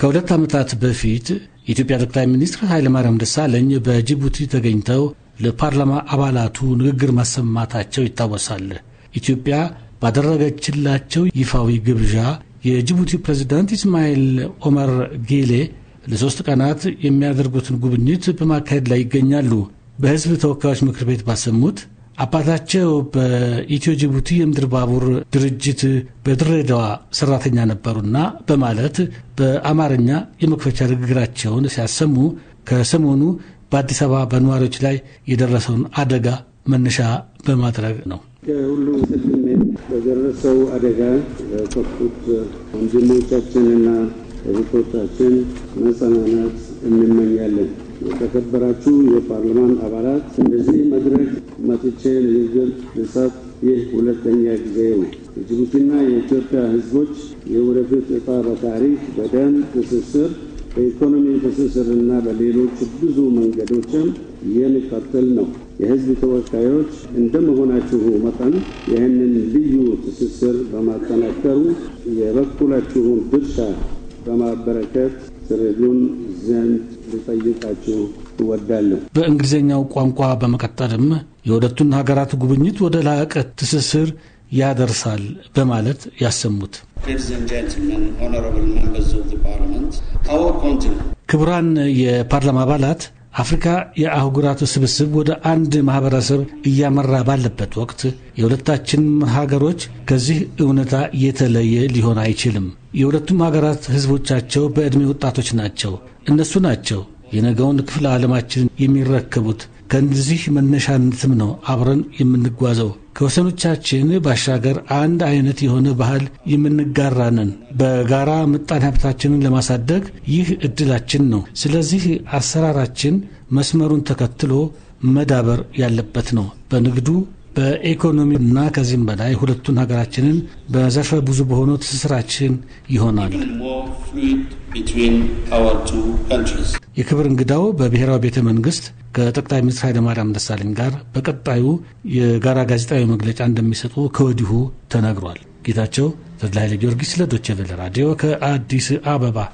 ከሁለት ዓመታት በፊት የኢትዮጵያ ጠቅላይ ሚኒስትር ኃይለማርያም ደሳለኝ በጅቡቲ ተገኝተው ለፓርላማ አባላቱ ንግግር ማሰማታቸው ይታወሳል። ኢትዮጵያ ባደረገችላቸው ይፋዊ ግብዣ የጅቡቲ ፕሬዝዳንት ኢስማኤል ኦመር ጌሌ ለሦስት ቀናት የሚያደርጉትን ጉብኝት በማካሄድ ላይ ይገኛሉ። በሕዝብ ተወካዮች ምክር ቤት ባሰሙት አባታቸው በኢትዮ ጅቡቲ የምድር ባቡር ድርጅት በድሬዳዋ ሰራተኛ ነበሩና በማለት በአማርኛ የመክፈቻ ንግግራቸውን ሲያሰሙ ከሰሞኑ በአዲስ አበባ በነዋሪዎች ላይ የደረሰውን አደጋ መነሻ በማድረግ ነው። ከሁሉ ቅድሜ በደረሰው አደጋ ለጠፉት ወንድሞቻችንና እህቶቻችን መጸናናት እንመኛለን። የተከበራችሁ የፓርላማን አባላት እንደዚህ መድረክ መጥቼ ንግግር ልሰጥ ይህ ሁለተኛ ጊዜ ነው። የጅቡቲና የኢትዮጵያ ሕዝቦች የወደፊት እጣ በታሪክ በደም ትስስር፣ በኢኮኖሚ እና በሌሎች ብዙ መንገዶችም የሚቀጥል ነው። የሕዝብ ተወካዮች እንደመሆናችሁ መጠን ይህንን ልዩ ትስስር በማጠናከሩ የበኩላችሁን ድርሻ በማበረከት ትረዱን ዘንድ ልጠይቃችሁ እወዳለሁ። በእንግሊዝኛው ቋንቋ በመቀጠልም የሁለቱን ሀገራት ጉብኝት ወደ ላቀ ትስስር ያደርሳል በማለት ያሰሙት ክቡራን የፓርላማ አባላት አፍሪካ የአህጉራት ስብስብ ወደ አንድ ማህበረሰብ እያመራ ባለበት ወቅት የሁለታችን ሀገሮች ከዚህ እውነታ የተለየ ሊሆን አይችልም። የሁለቱም ሀገራት ህዝቦቻቸው በዕድሜ ወጣቶች ናቸው። እነሱ ናቸው የነገውን ክፍለ ዓለማችንን የሚረከቡት። ከእንዚህ መነሻነትም ነው አብረን የምንጓዘው። ከወሰኖቻችን ባሻገር አንድ አይነት የሆነ ባህል የምንጋራንን በጋራ ምጣኔ ሀብታችንን ለማሳደግ ይህ እድላችን ነው። ስለዚህ አሰራራችን መስመሩን ተከትሎ መዳበር ያለበት ነው። በንግዱ በኢኮኖሚና ከዚህም በላይ ሁለቱን ሀገራችንን በዘርፈ ብዙ በሆነ ትስስራችን ይሆናል። የክብር እንግዳው በብሔራዊ ቤተ መንግስት ከጠቅላይ ሚኒስትር ኃይለማርያም ደሳለኝ ጋር በቀጣዩ የጋራ ጋዜጣዊ መግለጫ እንደሚሰጡ ከወዲሁ ተነግሯል። ጌታቸው ተድላ ኃይለ ጊዮርጊስ ለዶቼ ቬለ ራዲዮ ከአዲስ አበባ